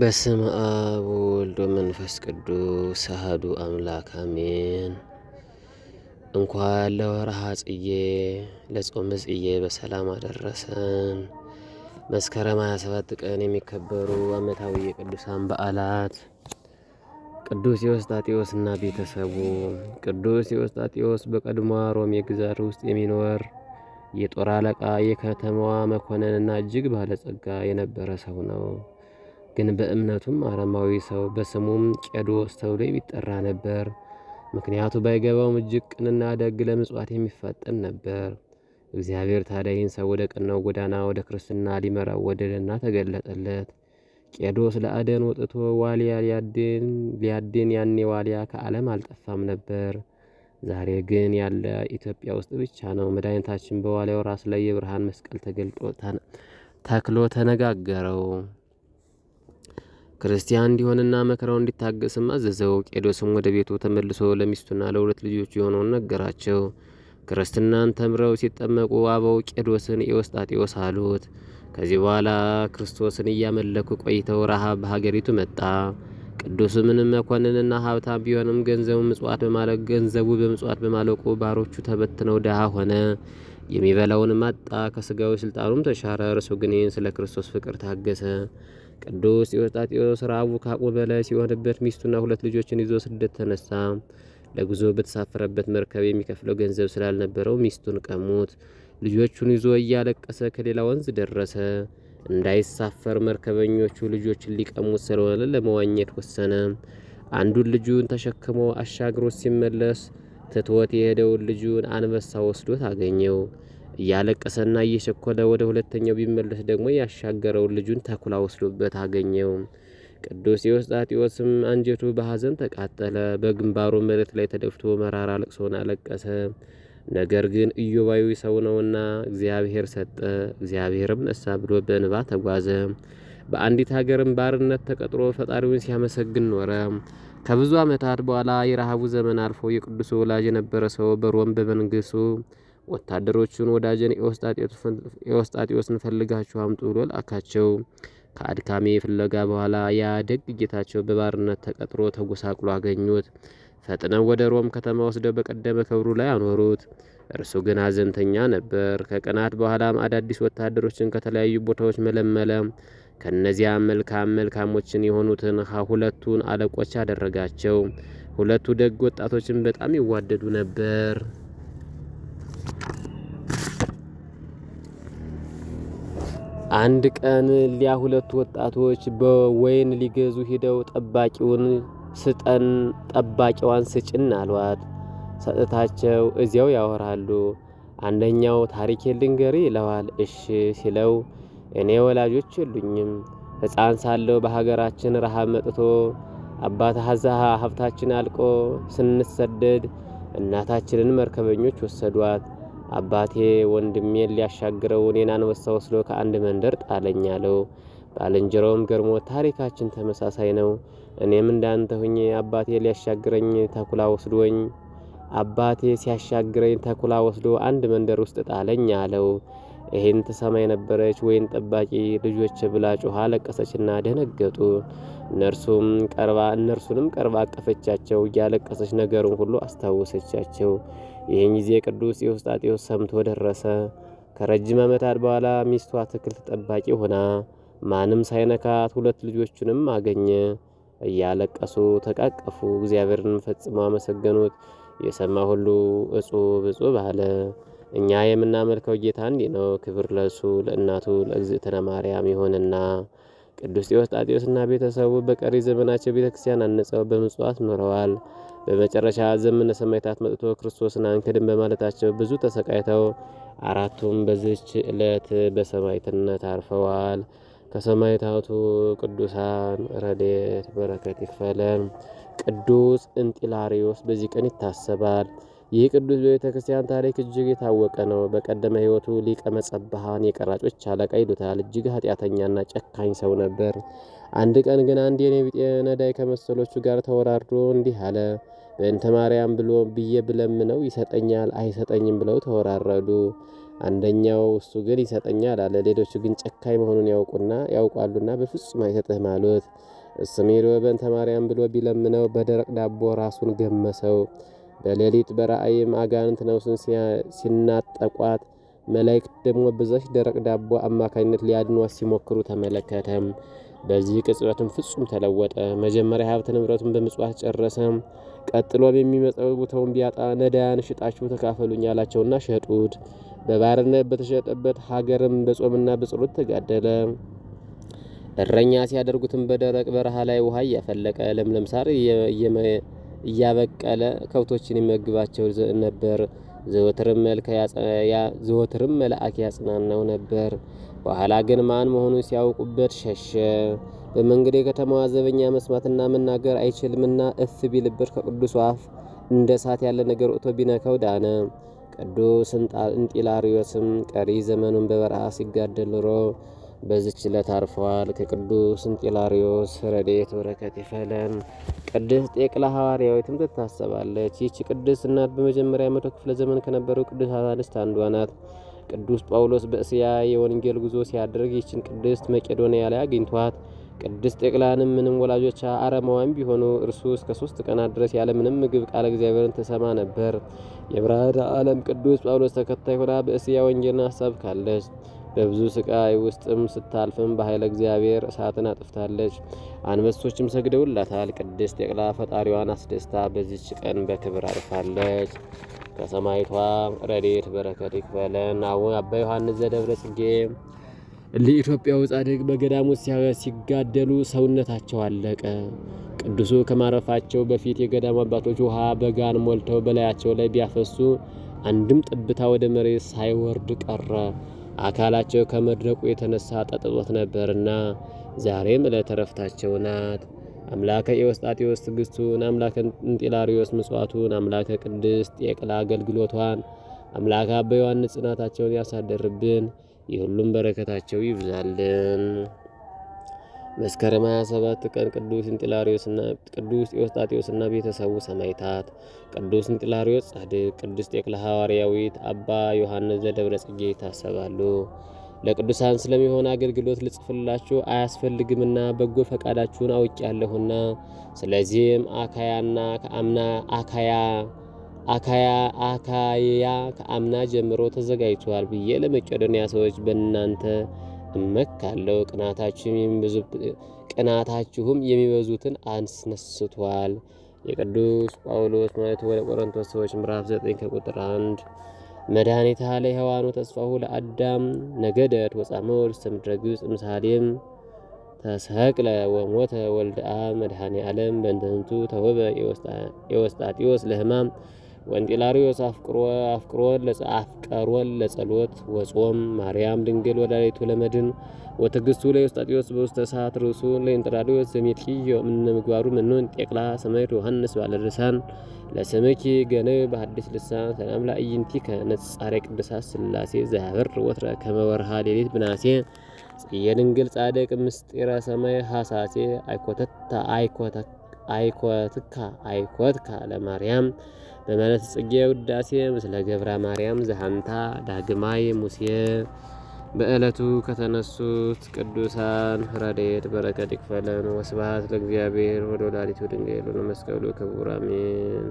በስም አብ ወልዶ መንፈስ ቅዱስ አሐዱ አምላክ አሜን። እንኳን ለወርሃ ጽዬ ለጾም ጽዬ በሰላም አደረሰን። መስከረም 27 ቀን የሚከበሩ ዓመታዊ የቅዱሳን በዓላት ቅዱስ የወስጣቴዎስ እና ቤተሰቡ። ቅዱስ የወስጣቴዎስ በቀድሞ ሮም የግዛት ውስጥ የሚኖር የጦር አለቃ የከተማዋ መኮንንና እጅግ ባለጸጋ የነበረ ሰው ነው። ግን በእምነቱም አረማዊ ሰው በስሙም ቄዶስ ተብሎ የሚጠራ ነበር። ምክንያቱ ባይገባውም እጅግ ቅንና ደግ ለምጽዋት የሚፋጠን ነበር። እግዚአብሔር ታዲያ ይህን ሰው ወደ ቀናው ጎዳና ወደ ክርስትና ሊመራው ወደደና ተገለጠለት። ቄዶስ ለአደን ወጥቶ ዋሊያ ሊያድን ያኔ ዋሊያ ከዓለም አልጠፋም ነበር። ዛሬ ግን ያለ ኢትዮጵያ ውስጥ ብቻ ነው። መድኃኒታችን በዋሊያው ራስ ላይ የብርሃን መስቀል ተገልጦ ተክሎ ተነጋገረው። ክርስቲያን እንዲሆንና መከራው እንዲታገስም አዘዘው። ቄዶስም ወደ ቤቱ ተመልሶ ለሚስቱና ለሁለት ልጆቹ የሆነውን ነገራቸው። ክርስትናን ተምረው ሲጠመቁ አበው ቄዶስን ኤዎስጣቴዎስ አሉት። ከዚህ በኋላ ክርስቶስን እያመለኩ ቆይተው ረሃብ በሀገሪቱ መጣ። ቅዱስ ምንም መኮንንና ሀብታም ቢሆንም ገንዘቡ ምጽዋት በማለቅ ገንዘቡ በምጽዋት በማለቁ ባሮቹ ተበትነው ደሃ ሆነ። የሚበላውን አጣ። ከስጋዊ ስልጣኑም ተሻረ። እርሱ ግን ስለ ክርስቶስ ፍቅር ታገሰ። ቅዱስ ዮስጣቴዎስ ረሃቡ ከአቅሙ በላይ ሲሆንበት ሚስቱና ሁለት ልጆችን ይዞ ስደት ተነሳ። ለጉዞ በተሳፈረበት መርከብ የሚከፍለው ገንዘብ ስላልነበረው ሚስቱን ቀሙት። ልጆቹን ይዞ እያለቀሰ ከሌላ ወንዝ ደረሰ። እንዳይሳፈር መርከበኞቹ ልጆችን ሊቀሙት ስለሆነ ለመዋኘት ወሰነ። አንዱን ልጁን ተሸክሞ አሻግሮት ሲመለስ ትቶት የሄደውን ልጁን አንበሳ ወስዶት አገኘው። እያለቀሰና እየሸኮለ ወደ ሁለተኛው ቢመለስ ደግሞ ያሻገረውን ልጁን ተኩላ ወስዶበት አገኘው። ቅዱስ የውስጣጢዎስም አንጀቱ በሐዘን ተቃጠለ። በግንባሩ መሬት ላይ ተደፍቶ መራራ ልቅሶን አለቀሰ። ነገር ግን ኢዮባዊ ሰው ነውና እግዚአብሔር ሰጠ እግዚአብሔርም ነሳ ብሎ በእንባ ተጓዘ። በአንዲት ሀገርም ባርነት ተቀጥሮ ፈጣሪውን ሲያመሰግን ኖረ። ከብዙ ዓመታት በኋላ የረሃቡ ዘመን አልፎ የቅዱሱ ወላጅ የነበረ ሰው በሮም በመንግሱ ወታደሮቹን ወዳጀን ኤዎስጣቴዎስን ፈልጋችሁ አምጡ ብሎ ላካቸው። ከአድካሚ ፍለጋ በኋላ ያ ደግ ጌታቸው በባርነት ተቀጥሮ ተጎሳቅሎ አገኙት። ፈጥነው ወደ ሮም ከተማ ወስደው በቀደመ ክብሩ ላይ አኖሩት። እርሱ ግን አዘንተኛ ነበር። ከቀናት በኋላም አዳዲስ ወታደሮችን ከተለያዩ ቦታዎች መለመለ። ከእነዚያም መልካም መልካሞችን የሆኑትን ሁለቱን አለቆች አደረጋቸው። ሁለቱ ደግ ወጣቶችን በጣም ይዋደዱ ነበር። አንድ ቀን ሊያ ሁለት ወጣቶች በወይን ሊገዙ ሂደው ጠባቂውን ስጠን፣ ጠባቂዋን ስጭን አሏት። ሰጥታቸው እዚያው ያወራሉ። አንደኛው ታሪኬ ልንገሪ ይለዋል። እሺ ሲለው እኔ ወላጆች የሉኝም፣ ሕፃን ሳለው በሀገራችን ረሃብ መጥቶ አባት ሀዛ ሀብታችን አልቆ ስንሰደድ እናታችንን መርከበኞች ወሰዷት። አባቴ ወንድሜ ሊያሻግረው እኔን አንበሳ ወስዶ ከአንድ መንደር ጣለኝ አለው። ባልንጀራውም ገርሞ ታሪካችን ተመሳሳይ ነው፣ እኔም እንዳንተ ሁኜ አባቴ ሊያሻግረኝ ተኩላ ወስዶኝ አባቴ ሲያሻግረኝ ተኩላ ወስዶ አንድ መንደር ውስጥ ጣለኝ አለው። ይህን ትሰማ የነበረች ወይን ጠባቂ ልጆች ብላ ጮኻ ለቀሰችና ደነገጡ። እነርሱም ቀርባ እነርሱንም ቀርባ አቀፈቻቸው። እያለቀሰች ነገሩን ሁሉ አስታወሰቻቸው። ይህን ጊዜ ቅዱስ ኤዎስጣቴዎስ ሰምቶ ደረሰ። ከረጅም ዓመታት በኋላ ሚስቱ አትክልት ጠባቂ ሆና ማንም ሳይነካት ሁለት ልጆቹንም አገኘ። እያለቀሱ ተቃቀፉ፣ እግዚአብሔርን ፈጽመው አመሰገኑት። የሰማ ሁሉ እጹብ እጹብ አለ። እኛ የምናመልከው ጌታ እንዲህ ነው። ክብር ለእሱ ለእናቱ ለእግዝእትነ ማርያም ይሆንና ቅዱስ ኤዎስጣቴዎስና ቤተሰቡ በቀሪ ዘመናቸው ቤተክርስቲያን አነጸው በምጽዋት ኖረዋል። በመጨረሻ ዘመነ ሰማዕታት መጥቶ ክርስቶስን አንክድም በማለታቸው ብዙ ተሰቃይተው አራቱም በዚች ዕለት በሰማዕትነት አርፈዋል። ከሰማዕታቱ ቅዱሳን ረድኤት በረከት ይክፈለን። ቅዱስ እንጢላሪዮስ በዚህ ቀን ይታሰባል። ይህ ቅዱስ በቤተ ክርስቲያን ታሪክ እጅግ የታወቀ ነው። በቀደመ ሕይወቱ ሊቀ መጸባሃን የቀራጮች አለቃ ይሉታል። እጅግ ኃጢአተኛና ጨካኝ ሰው ነበር። አንድ ቀን ግን አንድ የኔቢጤ ነዳይ ከመሰሎቹ ጋር ተወራርዶ እንዲህ አለ። በእንተ ማርያም ብሎ ብዬ ብለምነው ይሰጠኛል አይሰጠኝም ብለው ተወራረዱ። አንደኛው እሱ ግን ይሰጠኛል አለ። ሌሎቹ ግን ጨካኝ መሆኑን ያውቁና ያውቋሉና በፍጹም አይሰጥህም አሉት። ስሜሮ በእንተ ማርያም ብሎ ቢለምነው በደረቅ ዳቦ ራሱን ገመሰው። በሌሊት በራእይም አጋንንት ነፍሱን ሲናጠቋት መላእክት ደግሞ በዛች ደረቅ ዳቦ አማካኝነት ሊያድኗት ሲሞክሩ ተመለከተም። በዚህ ቅጽበትም ፍጹም ተለወጠ። መጀመሪያ ሀብት ንብረቱን በምጽዋት ጨረሰ። ቀጥሎም የሚመጣው ቢያጣ ነዳያን ሽጣችሁ ተካፈሉኝ አላቸውና ሸጡት። በባርነት በተሸጠበት ሀገርም በጾምና በጸሎት ተጋደለ። እረኛ ሲያደርጉትም በደረቅ በረሃ ላይ ውሃ እያፈለቀ ለምለም ሳር እያበቀለ ከብቶችን ይመግባቸው ነበር። ዘወትርም መልአክ ያጽናናው ነበር። በኋላ ግን ማን መሆኑን ሲያውቁበት ሸሸ። በመንገድ የከተማዋ ዘበኛ መስማትና መናገር አይችልምና እፍ ቢልበት ከቅዱሱ አፍ እንደ እሳት ያለ ነገር ወጥቶ ቢነካው ዳነ። ቅዱስ እንጢላሪዮስም ቀሪ ዘመኑን በበረሃ ሲጋደል ኖሮ በዚች ዕለት አርፈዋል። ከቅዱስ እንጢላሪዮስ ረድኤት በረከት ይፈለን። ቅድስት ጤቅላ ሐዋርያዊትም ትታሰባለች። ይህች ቅድስት እናት በመጀመሪያ መቶ ክፍለ ዘመን ከነበሩ ቅዱሳት አንስት አንዷ ናት። ቅዱስ ጳውሎስ በእስያ የወንጌል ጉዞ ሲያደርግ ይህችን ቅድስት መቄዶንያ ላይ አግኝቷት ቅድስት ጤቅላንም ምንም ወላጆቿ አረማውያን ቢሆኑ እርሱ እስከ ሶስት ቀናት ድረስ ያለ ምንም ምግብ ቃለ እግዚአብሔርን ትሰማ ነበር። የብርሃነ ዓለም ቅዱስ ጳውሎስ ተከታይ ሆና በእስያ ወንጌልን አሳብካለች። በብዙ ስቃይ ውስጥም ስታልፍም በኃይለ እግዚአብሔር እሳትን አጥፍታለች። አንበሶችም ሰግደውላታል። ቅድስት ጤቅላ ፈጣሪዋን አስደስታ በዚች ቀን በክብር አርፋለች። ከሰማይቷ ረዴት በረከት ይክፈለን። አባ ዮሐንስ ዘደብረ ጽጌ ለኢትዮጵያው ጻድቅ በገዳሙ ሲጋደሉ ሰውነታቸው አለቀ። ቅዱሱ ከማረፋቸው በፊት የገዳሙ አባቶች ውሃ በጋን ሞልተው በላያቸው ላይ ቢያፈሱ አንድም ጠብታ ወደ መሬት ሳይወርድ ቀረ። አካላቸው ከመድረቁ የተነሳ ጠጥቶት ነበርና ዛሬም ዕለተ ናት። አምላከ ኤዎስጣቴዎስ ትግስቱን አምላከ እንጢላሪዎስ ምጽዋቱን፣ አምላከ ቅድስት የቅላ አገልግሎቷን፣ አምላከ አባ ዮሐንስ ጽናታቸውን ያሳደርብን። የሁሉም በረከታቸው ይብዛልን። መስከረም 27 ቀን ቅዱስ እንጥላሪዮስና ቅዱስ ዮስጣቴዎስና ቤተሰቡ ሰማይታት፣ ቅዱስ እንጥላሪዮስ ጻድቅ፣ ቅዱስ ጤክለ ሐዋርያዊት፣ አባ ዮሐንስ ዘደብረ ጽጌ ይታሰባሉ። ለቅዱሳን ስለሚሆን አገልግሎት ልጽፍላችሁ አያስፈልግምና በጎ ፈቃዳችሁን አውቄያለሁና ስለዚህም አካያና ከአምና አካያ አካያ አካያ ከአምና ጀምሮ ተዘጋጅቷል ብዬ ለመቄዶንያ ሰዎች በእናንተ እመካለሁ። ቅናታችሁም የሚበዙ ቅናታችሁም የሚበዙትን አስነስቷል። የቅዱስ ጳውሎስ መልእክት ወደ ቆሮንቶስ ሰዎች ምዕራፍ 9 ከቁጥር 1 መድኃኒት ሃለ ሔዋኑ ተስፋሁ ለአዳም ነገደት ወጻምር እምድረ ገጽ ምሳሌም ተሰቅለ ወሞተ ወልድአ አብ መድኃኔ ዓለም በእንተ ተወበ የወስጣጢዎስ ለሕማም ወንጢላሪዎስ አፍቀሮን ለጸሎት ወጾም ማርያም ድንግል ወላዲቱ ለመድን ወትግስቱ ለኤዎስጣቴዎስ በውስተ ሰዓት ርእሱ ለእንጥራሪዎስ ዘሜጥቂ የምነ ምግባሩ መኖን ጤቅላ ሰማዕት ዮሐንስ ባለድርሳን ለስምኪ ገነ በሐዲስ ልሳን ሰላም ለእይንቲከ ነጻሬ ቅዱሳት ስላሴ ዘያበር ወትረ ከመወርሃ ሌሊት ብናሴ ጽየ ድንግል ጻድቅ ምስጢረ ሰማይ ሐሳሴ አይኮተታ አይኮተታ አይኮትካ አይኮትካ ለማርያም በማለት ጽጌ ውዳሴ ምስለ ገብረ ማርያም ዘሀንታ ዳግማይ ሙሴ በእለቱ ከተነሱት ቅዱሳን ረድኤት በረከት ይክፈለን። ወስብሐት ለእግዚአብሔር ወደ ወላዲቱ ድንግል ወለመስቀሉ ክቡር አሜን።